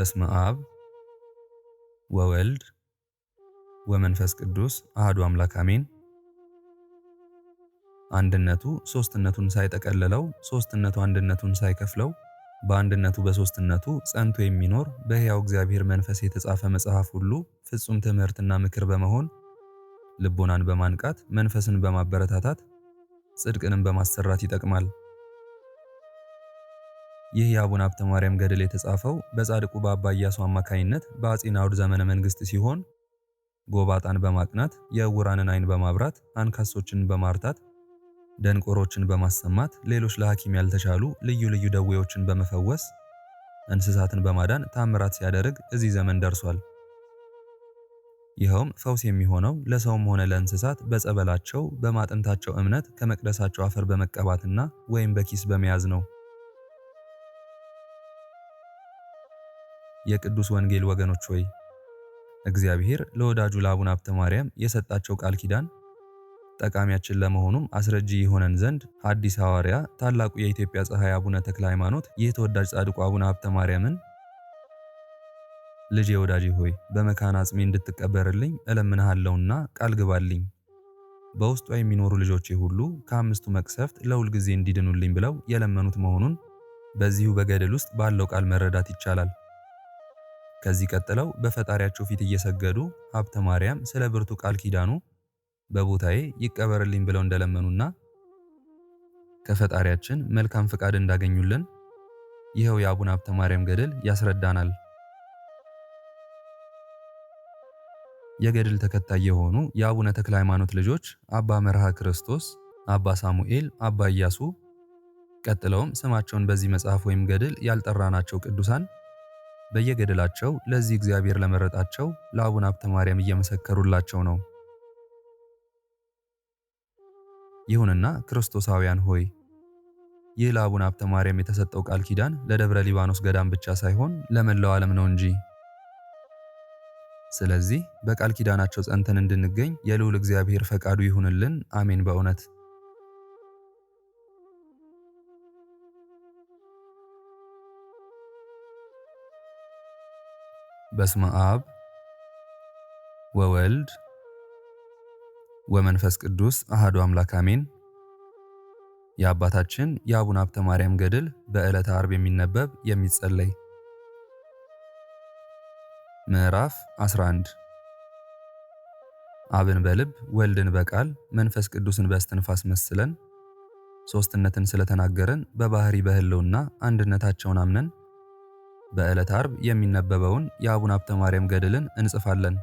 በስመ አብ ወወልድ ወመንፈስ ቅዱስ አህዱ አምላክ አሜን። አንድነቱ ሶስትነቱን ሳይጠቀልለው፣ ሶስትነቱ አንድነቱን ሳይከፍለው፣ በአንድነቱ በሶስትነቱ ጸንቶ የሚኖር በሕያው እግዚአብሔር መንፈስ የተጻፈ መጽሐፍ ሁሉ ፍጹም ትምህርትና ምክር በመሆን ልቦናን በማንቃት መንፈስን በማበረታታት ጽድቅንም በማሰራት ይጠቅማል። ይህ የአቡነ ሀብተ ማርያም ገድል የተጻፈው በጻድቁ በአባ ኢያሱ አማካኝነት በአጼ ናውድ ዘመነ መንግስት ሲሆን ጎባጣን በማቅናት የዕውራንን አይን በማብራት አንካሶችን በማርታት ደንቆሮችን በማሰማት ሌሎች ለሐኪም ያልተቻሉ ልዩ ልዩ ደዌዎችን በመፈወስ እንስሳትን በማዳን ታምራት ሲያደርግ እዚህ ዘመን ደርሷል። ይኸውም ፈውስ የሚሆነው ለሰውም ሆነ ለእንስሳት በጸበላቸው በማጥንታቸው እምነት ከመቅደሳቸው አፈር በመቀባትና ወይም በኪስ በመያዝ ነው። የቅዱስ ወንጌል ወገኖች ሆይ እግዚአብሔር ለወዳጁ ለአቡነ ሀብተ ማርያም የሰጣቸው ቃል ኪዳን ጠቃሚያችን ለመሆኑም አስረጂ የሆነን ዘንድ ሐዲስ ሐዋርያ ታላቁ የኢትዮጵያ ፀሐይ አቡነ ተክለ ሃይማኖት ይህ ተወዳጅ ጻድቁ አቡነ ሀብተ ማርያምን ልጄ ወዳጄ ሆይ በመካን አጽሜ እንድትቀበርልኝ እለምንሃለሁና ቃል ግባልኝ፣ በውስጧ የሚኖሩ ልጆቼ ሁሉ ከአምስቱ መቅሰፍት ለሁል ጊዜ እንዲድኑልኝ ብለው የለመኑት መሆኑን በዚሁ በገድል ውስጥ ባለው ቃል መረዳት ይቻላል። ከዚህ ቀጥለው በፈጣሪያቸው ፊት እየሰገዱ ሀብተ ማርያም ስለ ብርቱ ቃል ኪዳኑ በቦታዬ ይቀበርልኝ ብለው እንደለመኑና ከፈጣሪያችን መልካም ፍቃድ እንዳገኙልን ይኸው የአቡነ ሀብተ ማርያም ገድል ያስረዳናል። የገድል ተከታይ የሆኑ የአቡነ ተክለ ሃይማኖት ልጆች አባ መርሃ ክርስቶስ፣ አባ ሳሙኤል፣ አባ ኢያሱ ቀጥለውም ስማቸውን በዚህ መጽሐፍ ወይም ገድል ያልጠራናቸው ቅዱሳን በየገደላቸው ለዚህ እግዚአብሔር ለመረጣቸው ለአቡነ ሀብተ ማርያም እየመሰከሩላቸው ነው። ይሁንና ክርስቶሳውያን ሆይ ይህ ለአቡነ ሀብተ ማርያም የተሰጠው ቃል ኪዳን ለደብረ ሊባኖስ ገዳም ብቻ ሳይሆን ለመላው ዓለም ነው እንጂ። ስለዚህ በቃል ኪዳናቸው ጸንተን እንድንገኝ የልዑል እግዚአብሔር ፈቃዱ ይሁንልን። አሜን በእውነት በስመ አብ ወወልድ ወመንፈስ ቅዱስ አህዶ አምላክ አሜን። የአባታችን የአቡነ ሀብተ ማርያም ገድል በዕለተ ዓርብ የሚነበብ የሚጸለይ ምዕራፍ 11 አብን በልብ ወልድን በቃል መንፈስ ቅዱስን በስትንፋስ መስለን ሦስትነትን ስለተናገረን በባህሪ በሕልውና አንድነታቸውን አምነን በዕለት አርብ የሚነበበውን የአቡነ ሀብተ ማርያም ገድልን እንጽፋለን።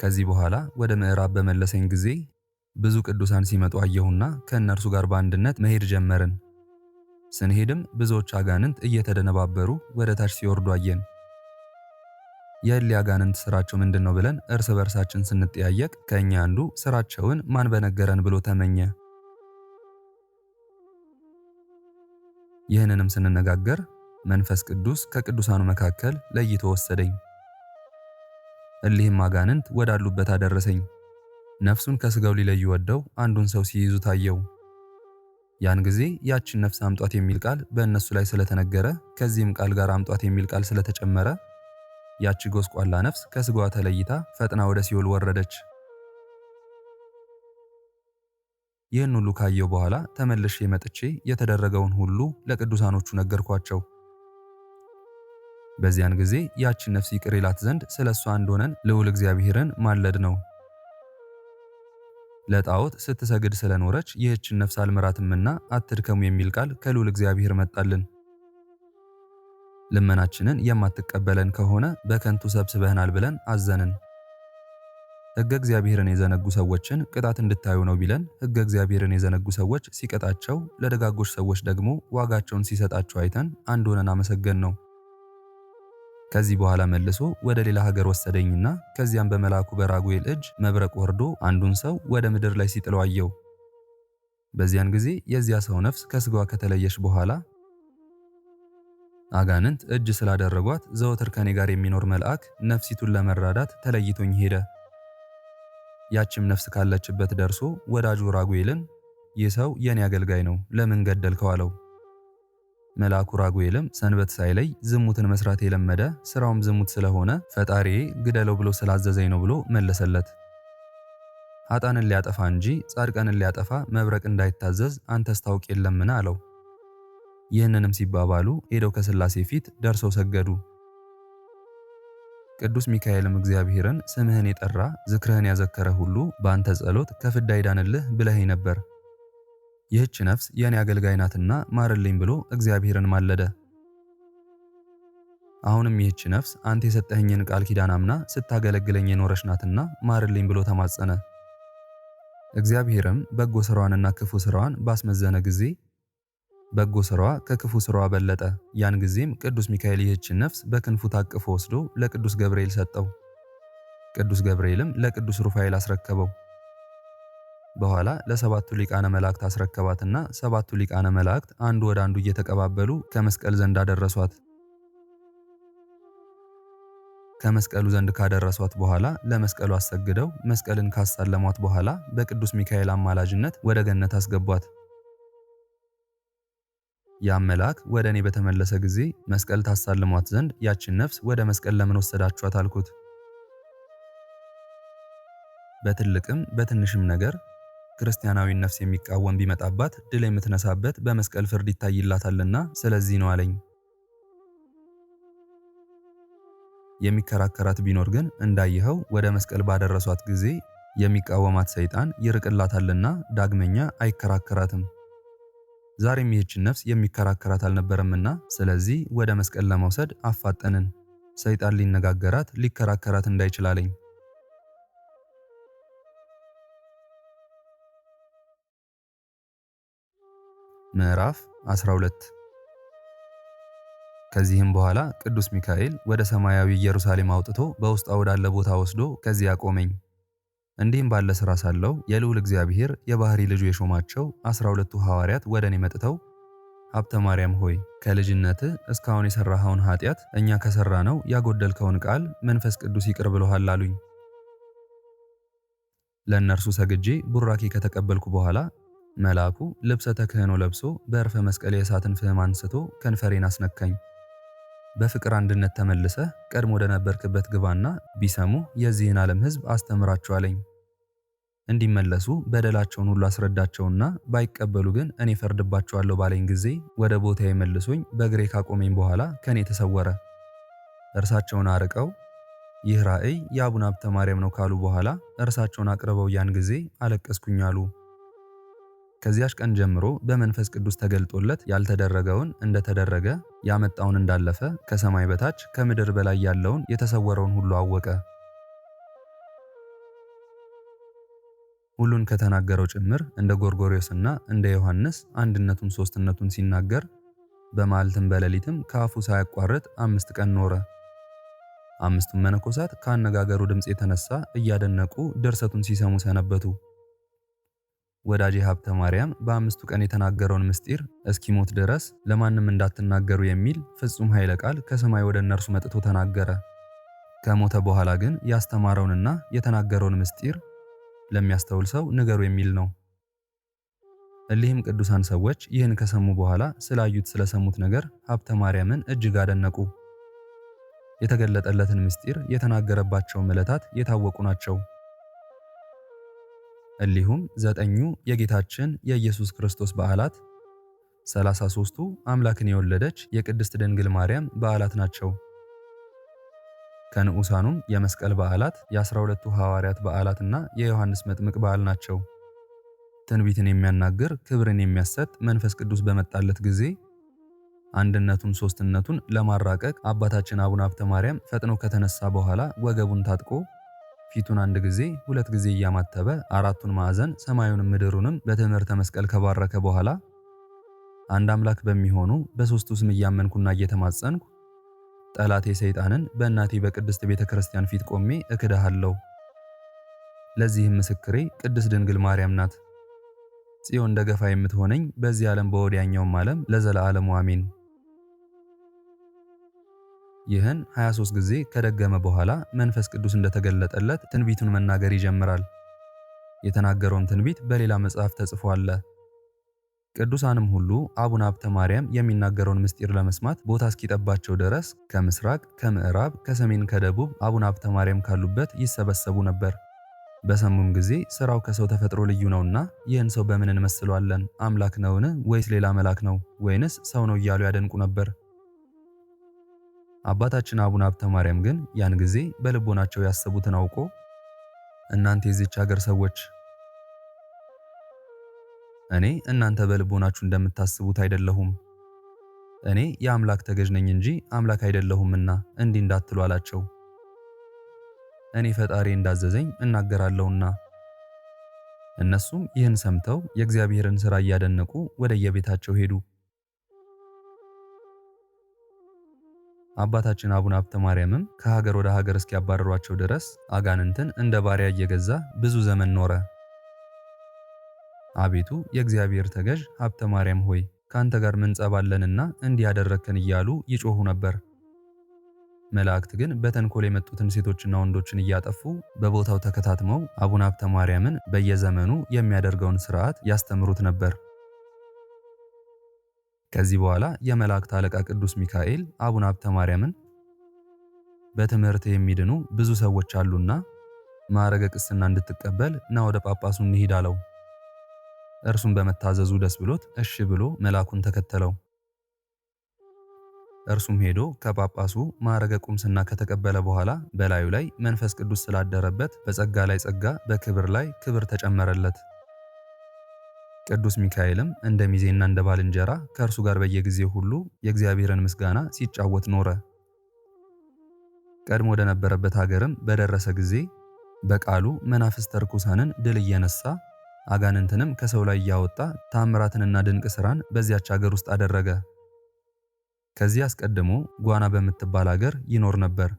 ከዚህ በኋላ ወደ ምዕራብ በመለሰኝ ጊዜ ብዙ ቅዱሳን ሲመጡ አየሁና ከእነርሱ ጋር በአንድነት መሄድ ጀመርን። ስንሄድም ብዙዎች አጋንንት እየተደነባበሩ ወደ ታች ሲወርዱ አየን። የእሊ አጋንንት ስራቸው ምንድን ነው ብለን እርስ በርሳችን ስንጠያየቅ ከእኛ አንዱ ስራቸውን ማን በነገረን ብሎ ተመኘ። ይህንንም ስንነጋገር መንፈስ ቅዱስ ከቅዱሳኑ መካከል ለይቶ ወሰደኝ። እሊህም አጋንንት ወዳሉበት አደረሰኝ። ነፍሱን ከሥጋው ሊለዩ ወደው አንዱን ሰው ሲይዙ ታየው። ያን ጊዜ ያችን ነፍስ አምጧት የሚል ቃል በእነሱ ላይ ስለተነገረ ከዚህም ቃል ጋር አምጧት የሚል ቃል ስለተጨመረ ያቺ ጎስቋላ ነፍስ ከሥጋዋ ተለይታ ፈጥና ወደ ሲኦል ወረደች። ይህን ሁሉ ካየው በኋላ ተመልሼ መጥቼ የተደረገውን ሁሉ ለቅዱሳኖቹ ነገርኳቸው። በዚያን ጊዜ ያችን ነፍስ ይቅር ይላት ዘንድ ስለ እሷ እንደሆነን ልዑል እግዚአብሔርን ማለድ ነው። ለጣዖት ስትሰግድ ስለኖረች ይህችን ነፍስ አልምራትምና አትድከሙ የሚል ቃል ከልዑል እግዚአብሔር መጣልን። ልመናችንን የማትቀበለን ከሆነ በከንቱ ሰብስበህናል ብለን አዘንን። ሕገ እግዚአብሔርን የዘነጉ ሰዎችን ቅጣት እንድታዩ ነው ቢለን ሕገ እግዚአብሔርን የዘነጉ ሰዎች ሲቀጣቸው፣ ለደጋጎች ሰዎች ደግሞ ዋጋቸውን ሲሰጣቸው አይተን አንድ ሆነን አመሰገን ነው። ከዚህ በኋላ መልሶ ወደ ሌላ ሀገር ወሰደኝና ከዚያም በመልአኩ በራጉኤል እጅ መብረቅ ወርዶ አንዱን ሰው ወደ ምድር ላይ ሲጥለው አየው። በዚያን ጊዜ የዚያ ሰው ነፍስ ከስጋዋ ከተለየች በኋላ አጋንንት እጅ ስላደረጓት ዘወትር ከኔ ጋር የሚኖር መልአክ ነፍሲቱን ለመራዳት ተለይቶኝ ሄደ። ያችም ነፍስ ካለችበት ደርሶ ወዳጁ ራጉኤልን ይህ ሰው የኔ አገልጋይ ነው ለምን ገደልከው አለው። መልአኩ ራጉኤልም ሰንበት ሳይለይ ዝሙትን መስራት የለመደ ስራውም ዝሙት ስለሆነ ፈጣሪዬ ግደለው ብሎ ስላዘዘኝ ነው ብሎ መለሰለት። ኃጣንን ሊያጠፋ እንጂ ጻድቃንን ሊያጠፋ መብረቅ እንዳይታዘዝ አንተስ ታውቅ የለምን አለው። ይህንንም ሲባባሉ ሄደው ከስላሴ ፊት ደርሰው ሰገዱ። ቅዱስ ሚካኤልም እግዚአብሔርን ስምህን የጠራ ዝክርህን ያዘከረ ሁሉ በአንተ ጸሎት ከፍዳ ይዳንልህ ብለኸኝ ነበር፣ ይህች ነፍስ የእኔ አገልጋይ ናትና ማርልኝ ብሎ እግዚአብሔርን ማለደ። አሁንም ይህች ነፍስ አንተ የሰጠኸኝን ቃል ኪዳን አምና ስታገለግለኝ የኖረች ናትና ማርልኝ ብሎ ተማጸነ። እግዚአብሔርም በጎ ስራዋንና ክፉ ስራዋን ባስመዘነ ጊዜ በጎ ስራዋ ከክፉ ስራዋ በለጠ። ያን ጊዜም ቅዱስ ሚካኤል ይህችን ነፍስ በክንፉ ታቅፎ ወስዶ ለቅዱስ ገብርኤል ሰጠው። ቅዱስ ገብርኤልም ለቅዱስ ሩፋኤል አስረከበው። በኋላ ለሰባቱ ሊቃነ መላእክት አስረከባትና ሰባቱ ሊቃነ መላእክት አንዱ ወደ አንዱ እየተቀባበሉ ከመስቀል ዘንድ አደረሷት። ከመስቀሉ ዘንድ ካደረሷት በኋላ ለመስቀሉ አሰግደው መስቀልን ካሳለሟት በኋላ በቅዱስ ሚካኤል አማላጅነት ወደ ገነት አስገቧት። ያም መልአክ ወደ እኔ በተመለሰ ጊዜ መስቀል ታሳልሟት ዘንድ ያችን ነፍስ ወደ መስቀል ለምን ወሰዳችኋት? አልኩት። በትልቅም በትንሽም ነገር ክርስቲያናዊን ነፍስ የሚቃወም ቢመጣባት ድል የምትነሳበት በመስቀል ፍርድ ይታይላታልና ስለዚህ ነው አለኝ። የሚከራከራት ቢኖር ግን እንዳይኸው ወደ መስቀል ባደረሷት ጊዜ የሚቃወማት ሰይጣን ይርቅላታልና ዳግመኛ አይከራከራትም። ዛሬም ይህችን ነፍስ የሚከራከራት አልነበረምና ስለዚህ ወደ መስቀል ለመውሰድ አፋጠንን። ሰይጣን ሊነጋገራት ሊከራከራት እንዳይችል አለኝ። ምዕራፍ 12 ከዚህም በኋላ ቅዱስ ሚካኤል ወደ ሰማያዊ ኢየሩሳሌም አውጥቶ በውስጧ ወዳለ ቦታ ወስዶ ከዚያ አቆመኝ። እንዲህም ባለ ሥራ ሳለው የልዑል እግዚአብሔር የባሕሪ ልጁ የሾማቸው ዐሥራ ሁለቱ ሐዋርያት ወደ እኔ መጥተው ሀብተ ማርያም ሆይ ከልጅነት እስካሁን የሠራኸውን ኃጢአት እኛ ነው ያጎደልከውን ቃል መንፈስ ቅዱስ ይቅር ብሎሃል አሉኝ። ለእነርሱ ሰግጄ ቡራኬ ከተቀበልኩ በኋላ መልአኩ ልብሰ ተክህኖ ለብሶ በእርፈ መስቀል የእሳትን ፍህም አንስቶ ከንፈሬን አስነካኝ። በፍቅር አንድነት ተመልሰ ቀድሞ ወደነበርክበት ግባና ቢሰሙ የዚህን ዓለም ሕዝብ አስተምራቸው አለኝ። እንዲመለሱ በደላቸውን ሁሉ አስረዳቸውና ባይቀበሉ ግን እኔ ፈርድባቸዋለሁ ባለኝ ጊዜ ወደ ቦታ የመልሶኝ በእግሬ ካቆመኝ በኋላ ከእኔ ተሰወረ። እርሳቸውን አርቀው ይህ ራእይ የአቡነ ሀብተ ማርያም ነው ካሉ በኋላ እርሳቸውን አቅርበው ያን ጊዜ አለቀስኩኝ አሉ። ከዚያች ቀን ጀምሮ በመንፈስ ቅዱስ ተገልጦለት ያልተደረገውን እንደተደረገ ያመጣውን እንዳለፈ ከሰማይ በታች ከምድር በላይ ያለውን የተሰወረውን ሁሉ አወቀ። ሁሉን ከተናገረው ጭምር እንደ ጎርጎሪዮስና እንደ ዮሐንስ አንድነቱን ሶስትነቱን ሲናገር በመዓልትም በሌሊትም ከአፉ ሳያቋርጥ አምስት ቀን ኖረ። አምስቱም መነኮሳት ከአነጋገሩ ድምፅ የተነሳ እያደነቁ ድርሰቱን ሲሰሙ ሰነበቱ። ወዳጄ ሀብተ ማርያም በአምስቱ ቀን የተናገረውን ምስጢር እስኪሞት ድረስ ለማንም እንዳትናገሩ የሚል ፍጹም ኃይለ ቃል ከሰማይ ወደ እነርሱ መጥቶ ተናገረ። ከሞተ በኋላ ግን ያስተማረውንና የተናገረውን ምስጢር ለሚያስተውል ሰው ንገሩ የሚል ነው። እሊህም ቅዱሳን ሰዎች ይህን ከሰሙ በኋላ ስላዩት ስለሰሙት ነገር ሀብተ ማርያምን እጅግ አደነቁ። የተገለጠለትን ምስጢር የተናገረባቸውም ዕለታት የታወቁ ናቸው። እንዲሁም ዘጠኙ የጌታችን የኢየሱስ ክርስቶስ በዓላት፣ ሰላሳ 33ቱ አምላክን የወለደች የቅድስት ድንግል ማርያም በዓላት ናቸው። ከንዑሳኑም የመስቀል በዓላት፣ የአስራ ሁለቱ ሐዋርያት እና የዮሐንስ መጥምቅ በዓል ናቸው። ትንቢትን የሚያናግር ክብርን የሚያሰጥ መንፈስ ቅዱስ በመጣለት ጊዜ አንድነቱን ሦስትነቱን ለማራቀቅ አባታችን አቡነ አብተ ማርያም ፈጥኖ ከተነሳ በኋላ ወገቡን ታጥቆ ፊቱን አንድ ጊዜ ሁለት ጊዜ እያማተበ አራቱን ማዕዘን ሰማዩንም ምድሩንም በትምህርተ መስቀል ከባረከ በኋላ አንድ አምላክ በሚሆኑ በሦስቱ ስም እያመንኩና እየተማጸንኩ ጠላቴ ሰይጣንን በእናቴ በቅድስት ቤተ ክርስቲያን ፊት ቆሜ እክድሃለሁ። ለዚህም ምስክሬ ቅድስት ድንግል ማርያም ናት። ጽዮን ደገፋ የምትሆነኝ በዚህ ዓለም በወዲያኛውም ዓለም ለዘለዓለሙ አሜን። ይህን 23 ጊዜ ከደገመ በኋላ መንፈስ ቅዱስ እንደተገለጠለት ትንቢቱን መናገር ይጀምራል። የተናገረውም ትንቢት በሌላ መጽሐፍ ተጽፎ አለ። ቅዱሳንም ሁሉ አቡነ አብተ ማርያም የሚናገረውን ምስጢር ለመስማት ቦታ እስኪጠባቸው ድረስ ከምስራቅ፣ ከምዕራብ፣ ከሰሜን፣ ከደቡብ አቡነ አብተ ማርያም ካሉበት ይሰበሰቡ ነበር። በሰሙም ጊዜ ስራው ከሰው ተፈጥሮ ልዩ ነውና ይህን ሰው በምን እንመስለዋለን? አምላክ ነውን? ወይስ ሌላ መልአክ ነው? ወይንስ ሰው ነው? እያሉ ያደንቁ ነበር። አባታችን አቡነ ሀብተ ማርያም ግን ያን ጊዜ በልቦናቸው ያሰቡትን አውቆ እናንተ የዚች ሀገር ሰዎች እኔ እናንተ በልቦናችሁ እንደምታስቡት አይደለሁም፣ እኔ የአምላክ ተገዥ ነኝ እንጂ አምላክ አይደለሁምና እንዲህ እንዳትሉ አላቸው። እኔ ፈጣሪ እንዳዘዘኝ እናገራለሁና። እነሱም ይህን ሰምተው የእግዚአብሔርን ሥራ እያደነቁ ወደ የቤታቸው ሄዱ። አባታችን አቡነ ሀብተ ማርያምም ከሀገር ወደ ሀገር እስኪያባረሯቸው ድረስ አጋንንትን እንደ ባሪያ እየገዛ ብዙ ዘመን ኖረ። አቤቱ የእግዚአብሔር ተገዥ ሀብተ ማርያም ሆይ ከአንተ ጋር ምን ጸብ አለንና እንዲህ ያደረግከን እያሉ ይጮኹ ነበር። መላእክት ግን በተንኮል የመጡትን ሴቶችና ወንዶችን እያጠፉ በቦታው ተከታትመው አቡነ ሀብተ ማርያምን በየዘመኑ የሚያደርገውን ስርዓት ያስተምሩት ነበር። ከዚህ በኋላ የመላእክት አለቃ ቅዱስ ሚካኤል አቡነ አብተ ማርያምን በትምህርት የሚድኑ ብዙ ሰዎች አሉና ማዕረገ ቅስና እንድትቀበል ና ወደ ጳጳሱ እንሂድ አለው። እርሱም በመታዘዙ ደስ ብሎት እሺ ብሎ መልአኩን ተከተለው። እርሱም ሄዶ ከጳጳሱ ማዕረገ ቁምስና ከተቀበለ በኋላ በላዩ ላይ መንፈስ ቅዱስ ስላደረበት በጸጋ ላይ ጸጋ፣ በክብር ላይ ክብር ተጨመረለት። ቅዱስ ሚካኤልም እንደ ሚዜና እንደ ባልንጀራ ከእርሱ ጋር በየጊዜው ሁሉ የእግዚአብሔርን ምስጋና ሲጫወት ኖረ። ቀድሞ ወደነበረበት ሀገርም በደረሰ ጊዜ በቃሉ መናፍስተ ርኩሳንን ድል እየነሳ አጋንንትንም ከሰው ላይ እያወጣ ታምራትንና ድንቅ ስራን በዚያች ሀገር ውስጥ አደረገ። ከዚህ አስቀድሞ ጓና በምትባል ሀገር ይኖር ነበር።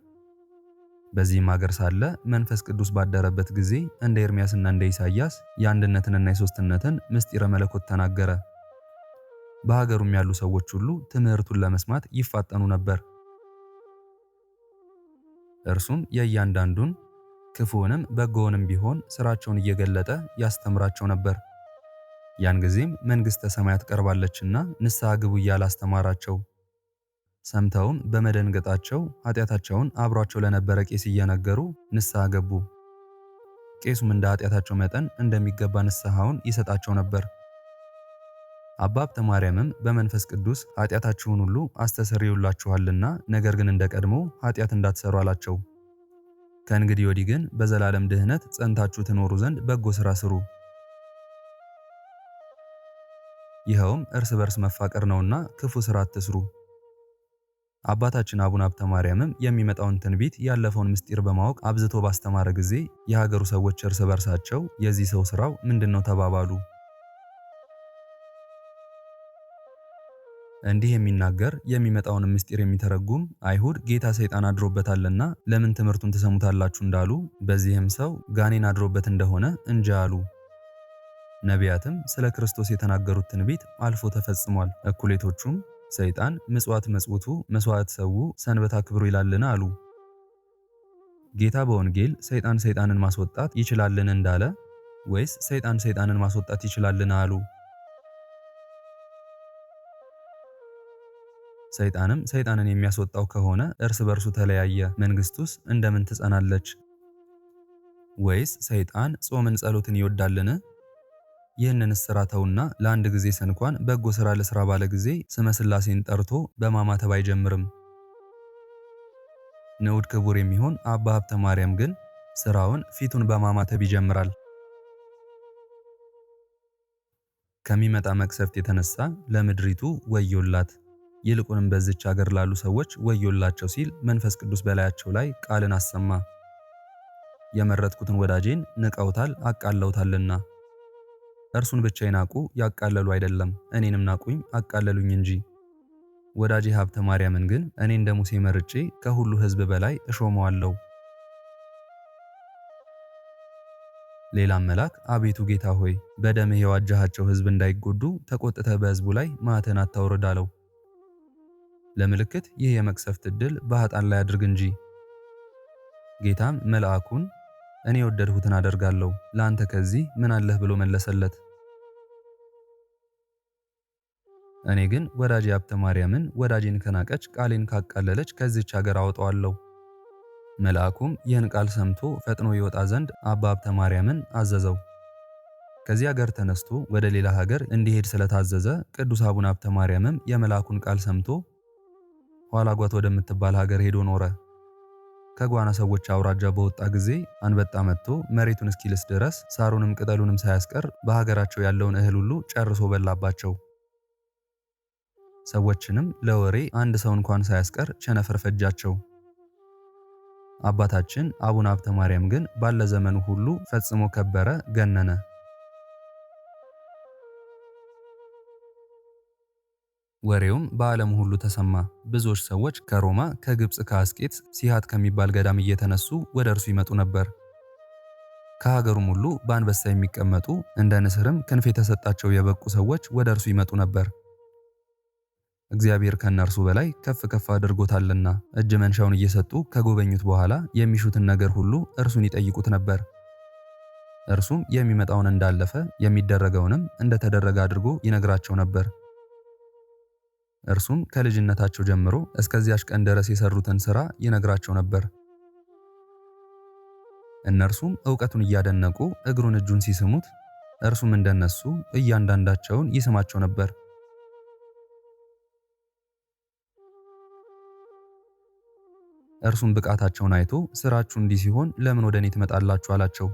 በዚህም አገር ሳለ መንፈስ ቅዱስ ባደረበት ጊዜ እንደ ኤርምያስና እንደ ኢሳይያስ የአንድነትንና የሦስትነትን ምስጢረ መለኮት ተናገረ። በሀገሩም ያሉ ሰዎች ሁሉ ትምህርቱን ለመስማት ይፋጠኑ ነበር። እርሱም የእያንዳንዱን ክፉውንም በጎውንም ቢሆን ስራቸውን እየገለጠ ያስተምራቸው ነበር። ያን ጊዜም መንግሥተ ሰማያት ቀርባለችና ንስሐ ግቡ እያለ አስተማራቸው። ሰምተውም በመደንገጣቸው ኃጢአታቸውን አብሯቸው ለነበረ ቄስ እየነገሩ ንስሐ ገቡ። ቄሱም እንደ ኃጢአታቸው መጠን እንደሚገባ ንስሐውን ይሰጣቸው ነበር። አባ ሀብተ ማርያምም በመንፈስ ቅዱስ ኃጢአታችሁን ሁሉ አስተሰርዩላችኋልና ነገር ግን እንደ ቀድሞ ኃጢአት እንዳትሰሩ አላቸው። ከእንግዲህ ወዲህ ግን በዘላለም ድህነት ጸንታችሁ ትኖሩ ዘንድ በጎ ሥራ ስሩ። ይኸውም እርስ በርስ መፋቀር ነውና ክፉ ሥራ አትስሩ። አባታችን አቡነ ሀብተ ማርያምም የሚመጣውን ትንቢት ያለፈውን ምስጢር በማወቅ አብዝቶ ባስተማረ ጊዜ የሀገሩ ሰዎች እርስ በርሳቸው የዚህ ሰው ስራው ምንድን ነው ተባባሉ። እንዲህ የሚናገር የሚመጣውን ምስጢር የሚተረጉም አይሁድ ጌታ ሰይጣን አድሮበታልና ለምን ትምህርቱን ትሰሙታላችሁ እንዳሉ፣ በዚህም ሰው ጋኔን አድሮበት እንደሆነ እንጂ አሉ። ነቢያትም ስለ ክርስቶስ የተናገሩት ትንቢት አልፎ ተፈጽሟል። እኩሌቶቹም ሰይጣን ምጽዋት መጽውቱ መስዋዕት ሰው ሰንበት አክብሩ ይላልን አሉ። ጌታ በወንጌል ሰይጣን ሰይጣንን ማስወጣት ይችላልን እንዳለ ወይስ ሰይጣን ሰይጣንን ማስወጣት ይችላልን አሉ? ሰይጣንም ሰይጣንን የሚያስወጣው ከሆነ እርስ በርሱ ተለያየ፣ መንግስቱስ እንደምን ትጸናለች? ወይስ ሰይጣን ጾምን ጸሎትን ይወዳልን? ይህንን ስራ ተውና ለአንድ ጊዜ ስንኳን በጎ ስራ ለስራ ባለ ጊዜ ስመ ጠርቶ በማማተብ አይጀምርም። ንዑድ ክቡር የሚሆን አባ ሀብተ ማርያም ግን ስራውን ፊቱን በማማተብ ይጀምራል። ከሚመጣ መቅሰፍት የተነሳ ለምድሪቱ ወዮላት፣ ይልቁንም በዚች አገር ላሉ ሰዎች ወዮላቸው ሲል መንፈስ ቅዱስ በላያቸው ላይ ቃልን አሰማ። የመረጥኩትን ወዳጄን ንቀውታል፣ አቃለውታልና እርሱን ብቻ ይናቁ ያቃለሉ አይደለም እኔንም ናቁኝ አቃለሉኝ እንጂ። ወዳጄ ሀብተ ማርያምን ግን እኔ እንደ ሙሴ መርጬ ከሁሉ ሕዝብ በላይ እሾመዋለሁ። ሌላም መልአክ አቤቱ ጌታ ሆይ በደምህ የዋጃሃቸው ሕዝብ እንዳይጎዱ ተቆጥተህ በሕዝቡ ላይ ማተን አታውርድ አለው። ለምልክት ይህ የመቅሰፍት ዕድል በኃጥአን ላይ አድርግ እንጂ። ጌታም መልአኩን እኔ የወደድሁትን አደርጋለሁ፣ ለአንተ ከዚህ ምን አለህ ብሎ መለሰለት። እኔ ግን ወዳጄ ሀብተ ማርያምን ወዳጄን ከናቀች ቃሌን ካቃለለች ከዚች ሀገር አወጣዋለሁ። መልአኩም ይህን ቃል ሰምቶ ፈጥኖ ይወጣ ዘንድ አባ ሀብተ ማርያምን አዘዘው። ከዚህ ሀገር ተነስቶ ወደ ሌላ ሀገር እንዲሄድ ስለታዘዘ ቅዱስ አቡነ ሀብተ ማርያምም የመልአኩን ቃል ሰምቶ ኋላ ጓት ወደምትባል ሀገር ሄዶ ኖረ። ከጓና ሰዎች አውራጃ በወጣ ጊዜ አንበጣ መጥቶ መሬቱን እስኪልስ ድረስ ሳሩንም ቅጠሉንም ሳያስቀር በሀገራቸው ያለውን እህል ሁሉ ጨርሶ በላባቸው። ሰዎችንም ለወሬ አንድ ሰው እንኳን ሳያስቀር ቸነፈር ፈጃቸው። አባታችን አቡነ ሀብተ ማርያም ግን ባለ ዘመኑ ሁሉ ፈጽሞ ከበረ፣ ገነነ። ወሬውም በዓለም ሁሉ ተሰማ። ብዙዎች ሰዎች ከሮማ ከግብፅ ከአስቄት ሲሃት ከሚባል ገዳም እየተነሱ ወደ እርሱ ይመጡ ነበር። ከሀገሩም ሁሉ በአንበሳ የሚቀመጡ እንደ ንስርም ክንፍ የተሰጣቸው የበቁ ሰዎች ወደ እርሱ ይመጡ ነበር። እግዚአብሔር ከእነርሱ በላይ ከፍ ከፍ አድርጎታልና እጅ መንሻውን እየሰጡ ከጎበኙት በኋላ የሚሹትን ነገር ሁሉ እርሱን ይጠይቁት ነበር። እርሱም የሚመጣውን እንዳለፈ የሚደረገውንም እንደተደረገ አድርጎ ይነግራቸው ነበር። እርሱም ከልጅነታቸው ጀምሮ እስከዚያች ቀን ድረስ የሰሩትን ሥራ ይነግራቸው ነበር። እነርሱም ዕውቀቱን እያደነቁ እግሩን እጁን ሲስሙት፣ እርሱም እንደነሱ እያንዳንዳቸውን ይስማቸው ነበር። እርሱም ብቃታቸውን አይቶ ሥራችሁ እንዲህ ሲሆን ለምን ወደ እኔ ትመጣላችሁ? አላቸው።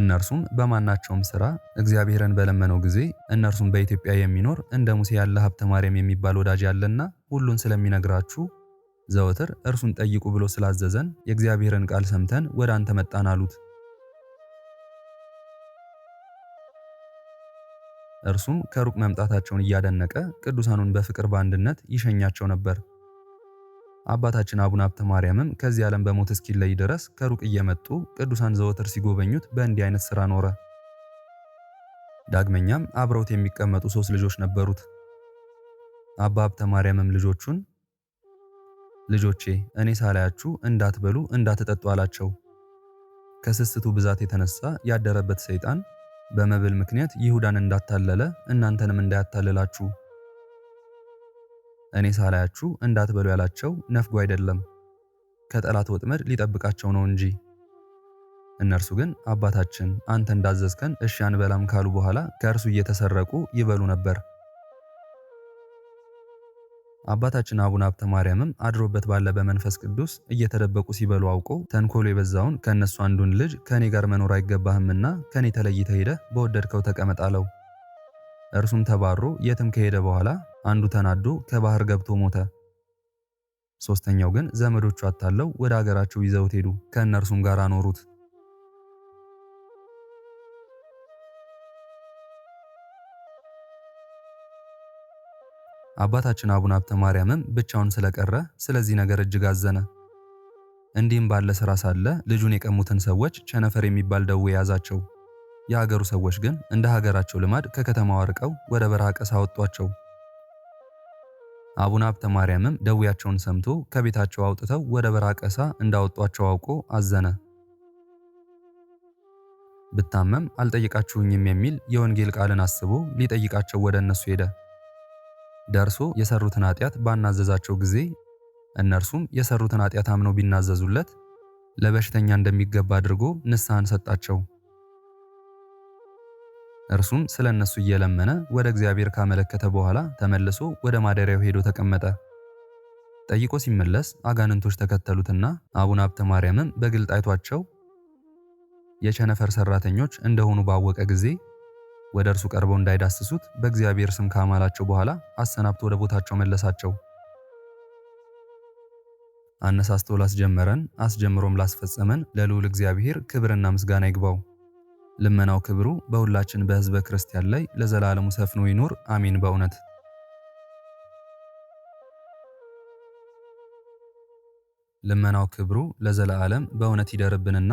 እነርሱም በማናቸውም ስራ እግዚአብሔርን በለመነው ጊዜ እነርሱም በኢትዮጵያ የሚኖር እንደ ሙሴ ያለ ሀብተ ማርያም የሚባል ወዳጅ ያለና ሁሉን ስለሚነግራችሁ ዘወትር እርሱን ጠይቁ ብሎ ስላዘዘን የእግዚአብሔርን ቃል ሰምተን ወደ አንተ መጣን አሉት። እርሱም ከሩቅ መምጣታቸውን እያደነቀ ቅዱሳኑን በፍቅር በአንድነት ይሸኛቸው ነበር። አባታችን አቡነ ሀብተ ማርያምም ከዚህ ዓለም በሞት እስኪለይ ድረስ ከሩቅ እየመጡ ቅዱሳን ዘወትር ሲጎበኙት በእንዲህ አይነት ሥራ ኖረ። ዳግመኛም አብረውት የሚቀመጡ ሦስት ልጆች ነበሩት። አባ ሀብተ ማርያምም ልጆቹን ልጆቼ እኔ ሳላያችሁ እንዳትበሉ እንዳትጠጡ አላቸው። ከስስቱ ብዛት የተነሳ ያደረበት ሰይጣን በመብል ምክንያት ይሁዳን እንዳታለለ እናንተንም እንዳያታልላችሁ እኔ ሳላያችሁ እንዳትበሉ ያላቸው ነፍጎ አይደለም፣ ከጠላት ወጥመድ ሊጠብቃቸው ነው እንጂ። እነርሱ ግን አባታችን አንተ እንዳዘዝከን እሺ አንበላም ካሉ በኋላ ከእርሱ እየተሰረቁ ይበሉ ነበር። አባታችን አቡነ አብተ ማርያምም አድሮበት ባለ በመንፈስ ቅዱስ እየተደበቁ ሲበሉ አውቆ ተንኮሎ የበዛውን ከእነሱ አንዱን ልጅ ከእኔ ጋር መኖር አይገባህምና ከእኔ ተለይተህ ሄደህ በወደድከው ተቀመጥ አለው። እርሱም ተባሮ የትም ከሄደ በኋላ አንዱ ተናዶ ከባህር ገብቶ ሞተ። ሶስተኛው ግን ዘመዶቹ አታለው ወደ አገራቸው ይዘውት ሄዱ፣ ከእነርሱም ጋር አኖሩት። አባታችን አቡነ ሀብተ ማርያምም ብቻውን ስለቀረ ስለዚህ ነገር እጅግ አዘነ። እንዲህም ባለ ስራ ሳለ ልጁን የቀሙትን ሰዎች ቸነፈር የሚባል ደዌ ያዛቸው። የሀገሩ ሰዎች ግን እንደ ሀገራቸው ልማድ ከከተማው አርቀው ወደ በረሃ ቀሳ አወጧቸው። አቡነ ሀብተ ማርያምም ደዌያቸውን ሰምቶ ከቤታቸው አውጥተው ወደ በራቀሳ እንዳወጧቸው አውቆ አዘነ። ብታመም አልጠይቃችሁኝም የሚል የወንጌል ቃልን አስቦ ሊጠይቃቸው ወደ እነሱ ሄደ። ደርሶ የሰሩትን ኃጢአት ባናዘዛቸው ጊዜ እነርሱም የሰሩትን ኃጢአት አምነው ቢናዘዙለት ለበሽተኛ እንደሚገባ አድርጎ ንስሐን ሰጣቸው። እርሱም ስለ እነሱ እየለመነ ወደ እግዚአብሔር ካመለከተ በኋላ ተመልሶ ወደ ማደሪያው ሄዶ ተቀመጠ። ጠይቆ ሲመለስ አጋንንቶች ተከተሉትና አቡነ ሀብተ ማርያምም በግልጥ አይቷቸው የቸነፈር ሰራተኞች እንደሆኑ ባወቀ ጊዜ ወደ እርሱ ቀርበው እንዳይዳስሱት በእግዚአብሔር ስም ካማላቸው በኋላ አሰናብቶ ወደ ቦታቸው መለሳቸው። አነሳስቶ ላስጀመረን አስጀምሮም ላስፈጸመን ለልዑል እግዚአብሔር ክብርና ምስጋና ይግባው። ልመናው ክብሩ በሁላችን በሕዝበ ክርስቲያን ላይ ለዘላለሙ ሰፍኖ ይኑር። አሚን። በእውነት ልመናው ክብሩ ለዘላለም በእውነት ይደርብንና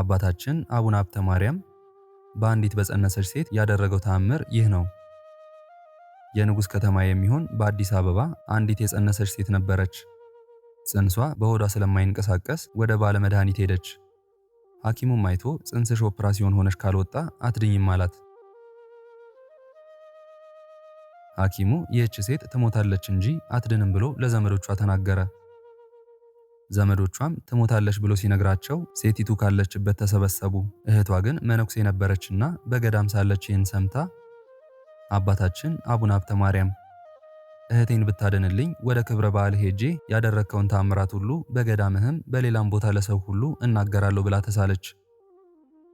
አባታችን አቡነ ሀብተ ማርያም በአንዲት በጸነሰች ሴት ያደረገው ተአምር ይህ ነው። የንጉሥ ከተማ የሚሆን በአዲስ አበባ አንዲት የጸነሰች ሴት ነበረች። ጽንሷ በሆዷ ስለማይንቀሳቀስ ወደ ባለመድኃኒት ሄደች። ሐኪሙም አይቶ ጽንስሽ ኦፕራሲዮን ሆነሽ ካልወጣ አትድኝም አላት። ሐኪሙ ይህች ሴት ትሞታለች እንጂ አትድንም ብሎ ለዘመዶቿ ተናገረ። ዘመዶቿም ትሞታለች ብሎ ሲነግራቸው ሴቲቱ ካለችበት ተሰበሰቡ። እህቷ ግን መነኩሴ ነበረችና በገዳም ሳለች ይህን ሰምታ አባታችን አቡነ ሀብተ ማርያም እህቴን ብታደንልኝ ወደ ክብረ በዓል ሄጄ ያደረግከውን ታምራት ሁሉ በገዳምህም በሌላም ቦታ ለሰው ሁሉ እናገራለሁ ብላ ተሳለች።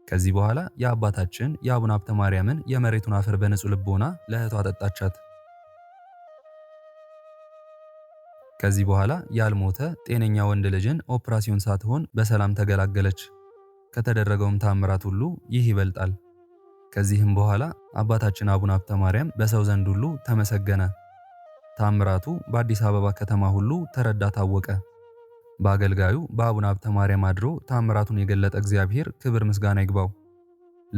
ከዚህ በኋላ የአባታችን የአቡነ ሀብተ ማርያምን የመሬቱን አፈር በንጹህ ልቦና ለእህቷ አጠጣቻት። ከዚህ በኋላ ያልሞተ ጤነኛ ወንድ ልጅን ኦፕራሲዮን ሳትሆን በሰላም ተገላገለች። ከተደረገውም ታምራት ሁሉ ይህ ይበልጣል። ከዚህም በኋላ አባታችን አቡነ ሀብተ ማርያም በሰው ዘንድ ሁሉ ተመሰገነ። ታምራቱ በአዲስ አበባ ከተማ ሁሉ ተረዳ ታወቀ። በአገልጋዩ በአቡነ ሀብተ ማርያም አድሮ ታምራቱን የገለጠ እግዚአብሔር ክብር ምስጋና ይግባው።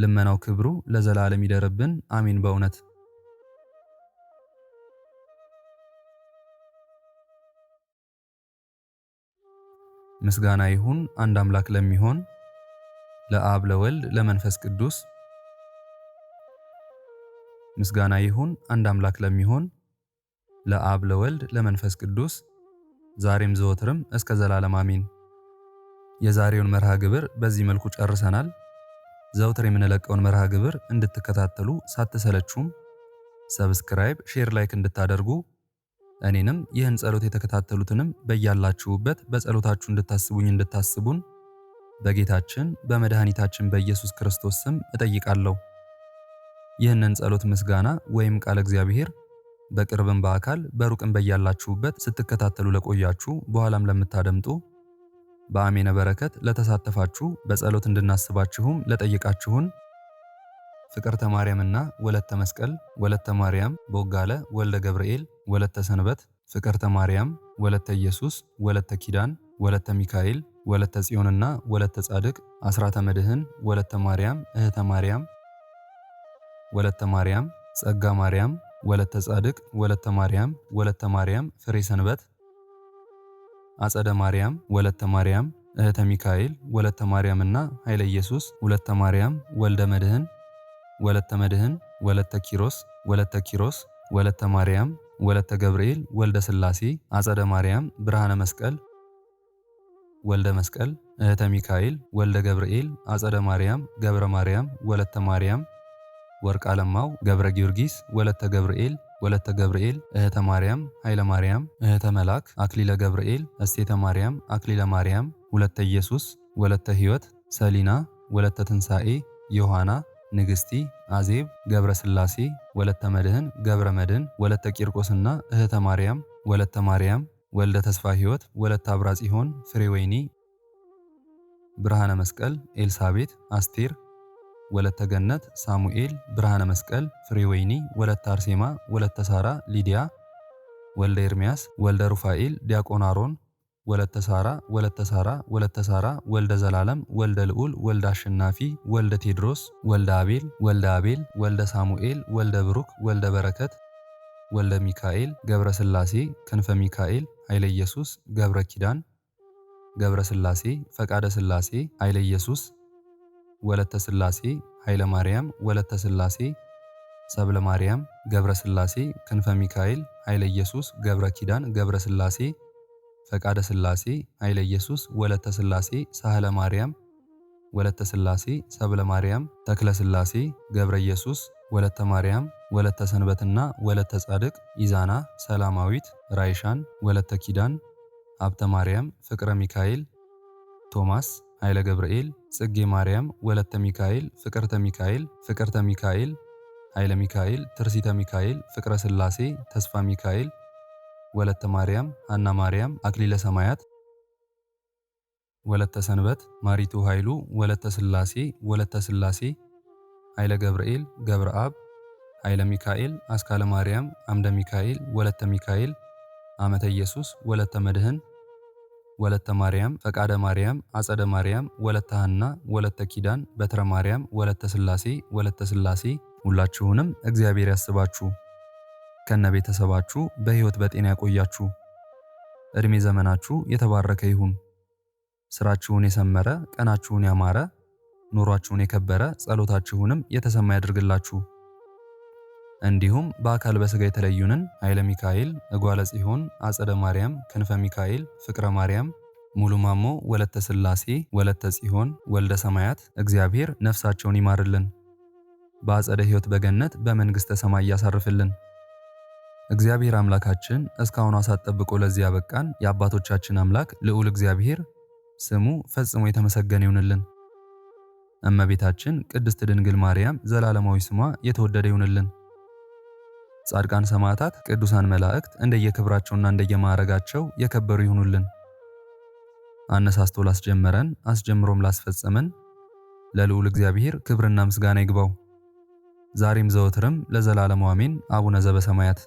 ልመናው ክብሩ ለዘላለም ይደርብን፣ አሜን። በእውነት ምስጋና ይሁን አንድ አምላክ ለሚሆን ለአብ ለወልድ ለመንፈስ ቅዱስ ምስጋና ይሁን አንድ አምላክ ለሚሆን ለአብ ለወልድ ለመንፈስ ቅዱስ ዛሬም ዘወትርም እስከ ዘላለም አሚን የዛሬውን መርሃ ግብር በዚህ መልኩ ጨርሰናል። ዘውትር የምንለቀውን መርሃ ግብር እንድትከታተሉ ሳትሰለችሁም ሰብስክራይብ፣ ሼር፣ ላይክ እንድታደርጉ እኔንም ይህን ጸሎት የተከታተሉትንም በያላችሁበት በጸሎታችሁ እንድታስቡኝ እንድታስቡን በጌታችን በመድኃኒታችን በኢየሱስ ክርስቶስ ስም እጠይቃለሁ። ይህንን ጸሎት ምስጋና ወይም ቃል እግዚአብሔር በቅርብም በአካል በሩቅም በያላችሁበት ስትከታተሉ ለቆያችሁ በኋላም ለምታደምጡ በአሜነ በረከት ለተሳተፋችሁ በጸሎት እንድናስባችሁም ለጠየቃችሁን ፍቅርተ ማርያምና ወለተ መስቀል፣ ወለተ ማርያም ቦጋለ፣ ወልደ ገብርኤል፣ ወለተ ሰንበት፣ ፍቅርተ ማርያም፣ ወለተ ኢየሱስ፣ ወለተ ኪዳን፣ ወለተ ሚካኤል፣ ወለተ ጽዮንና ወለተ ጻድቅ፣ አስራተ መድህን፣ ወለተ ማርያም፣ እህተ ማርያም፣ ወለተ ማርያም፣ ጸጋ ማርያም ወለተ ጻድቅ ወለተ ማርያም ወለተ ማርያም ፍሬ ሰንበት አጸደ ማርያም ወለተ ማርያም እህተ ሚካኤል ወለተ ማርያምና ኃይለ ኢየሱስ ወለተ ማርያም ወልደ መድህን ወለተ መድህን ወለተ ኪሮስ ወለተ ኪሮስ ወለተ ማርያም ወለተ ገብርኤል ወልደ ስላሴ አጸደ ማርያም ብርሃነ መስቀል ወልደ መስቀል እህተ ሚካኤል ወልደ ገብርኤል አጸደ ማርያም ገብረ ማርያም ወለተ ማርያም ወርቅ አለማው፣ ገብረ ጊዮርጊስ፣ ወለተ ገብርኤል ወለተ ገብርኤል፣ እህተ ማርያም፣ ኃይለ ማርያም፣ እህተ መልአክ፣ አክሊለ ገብርኤል፣ እሴተ ማርያም፣ አክሊለ ማርያም፣ ሁለተ ኢየሱስ፣ ወለተ ሕይወት፣ ሰሊና፣ ወለተ ትንሣኤ፣ ዮሐና፣ ንግሥቲ፣ አዜብ፣ ገብረ ሥላሴ፣ ወለተ መድህን፣ ገብረ መድህን፣ ወለተ ቂርቆስና እህተ ማርያም፣ ወለተ ማርያም፣ ወልደ ተስፋ ሕይወት፣ ወለተ አብራ ጽዮን፣ ፍሬ ወይኒ፣ ብርሃነ መስቀል፣ ኤልሳቤት፣ አስቴር ወለተ ገነት፣ ሳሙኤል፣ ብርሃነ መስቀል፣ ፍሬወይኒ፣ ወለተ አርሴማ፣ ወለተ ሳራ፣ ሊዲያ፣ ወልደ ኤርሚያስ፣ ወልደ ሩፋኤል፣ ዲያቆን አሮን፣ ወለተ ሳራ፣ ወለተ ሳራ፣ ወለተ ሳራ፣ ወልደ ዘላለም፣ ወልደ ልዑል፣ ወልደ አሸናፊ፣ ወልደ ቴድሮስ፣ ወልደ አቤል፣ ወልደ አቤል፣ ወልደ ሳሙኤል፣ ወልደ ብሩክ፣ ወልደ በረከት፣ ወልደ ሚካኤል፣ ገብረ ስላሴ፣ ክንፈ ሚካኤል፣ ኃይለ ኢየሱስ፣ ገብረ ኪዳን፣ ገብረ ሥላሴ፣ ፈቃደ ሥላሴ፣ ኃይለ ኢየሱስ ገብረ ኪዳን ገብረ ስላሴ ፈቃደ ስላሴ ኃይለ ኢየሱስ ወለተ ስላሴ ኃይለ ማርያም ወለተ ስላሴ ሰብለ ማርያም ገብረ ስላሴ፣ ክንፈ ሚካኤል ኃይለ ኢየሱስ ገብረ ኪዳን ገብረ ስላሴ፣ ፈቃደ ስላሴ ኃይለ ኢየሱስ ወለተ ስላሴ፣ ሳህለ ማርያም ወለተ ስላሴ፣ ሰብለ ማርያም ተክለ ስላሴ ገብረ ኢየሱስ ወለተ ማርያም ወለተ ሰንበትና ወለተ ጻድቅ ኢዛና ሰላማዊት ራይሻን ወለተ ኪዳን ሀብተ ማርያም ፍቅረ ሚካኤል ቶማስ ኃይለ ገብርኤል፣ ጽጌ ማርያም፣ ወለተ ሚካኤል፣ ፍቅርተ ሚካኤል፣ ፍቅርተ ሚካኤል፣ ኃይለ ሚካኤል፣ ትርሲተ ሚካኤል፣ ፍቅረ ሥላሴ፣ ተስፋ ሚካኤል፣ ወለተ ማርያም፣ ሐና ማርያም፣ አክሊለ ሰማያት፣ ወለተ ሰንበት፣ ማሪቱ ኃይሉ፣ ወለተ ሥላሴ፣ ወለተ ሥላሴ፣ ኃይለ ገብርኤል፣ ገብረ አብ፣ ኃይለ ሚካኤል፣ አስካለ ማርያም፣ አምደ ሚካኤል፣ ወለተ ሚካኤል፣ አመተ ኢየሱስ፣ ወለተ መድህን ወለተ ማርያም፣ ፈቃደ ማርያም፣ አጸደ ማርያም፣ ወለተ ሐና፣ ወለተ ኪዳን፣ በትረ ማርያም፣ ወለተ ስላሴ ወለተ ስላሴ ሁላችሁንም እግዚአብሔር ያስባችሁ ከነ ቤተሰባችሁ በህይወት በጤና ያቆያችሁ። እድሜ ዘመናችሁ የተባረከ ይሁን። ስራችሁን የሰመረ፣ ቀናችሁን ያማረ፣ ኑሯችሁን የከበረ፣ ጸሎታችሁንም የተሰማ ያድርግላችሁ። እንዲሁም በአካል በስጋ የተለዩንን ኃይለ ሚካኤል፣ እጓለ ጽሆን፣ አጸደ ማርያም፣ ክንፈ ሚካኤል፣ ፍቅረ ማርያም ሙሉ ማሞ፣ ወለተ ስላሴ ወለተ ጽሆን፣ ወልደ ሰማያት እግዚአብሔር ነፍሳቸውን ይማርልን፣ በአጸደ ሕይወት በገነት በመንግሥተ ሰማይ ያሳርፍልን። እግዚአብሔር አምላካችን እስካሁን አሳጠብቆ ለዚህ ያበቃን የአባቶቻችን አምላክ ልዑል እግዚአብሔር ስሙ ፈጽሞ የተመሰገነ ይሁንልን። እመቤታችን ቅድስት ድንግል ማርያም ዘላለማዊ ስሟ የተወደደ ይሁንልን። ጻድቃን ሰማዕታት፣ ቅዱሳን መላእክት እንደየክብራቸውና እንደየማዕረጋቸው የከበሩ ይሁኑልን። አነሳስቶ ላስጀመረን አስጀምሮም ላስፈጸመን ለልዑል እግዚአብሔር ክብርና ምስጋና ይግባው ዛሬም ዘወትርም ለዘላለም አሜን። አቡነ ዘበሰማያት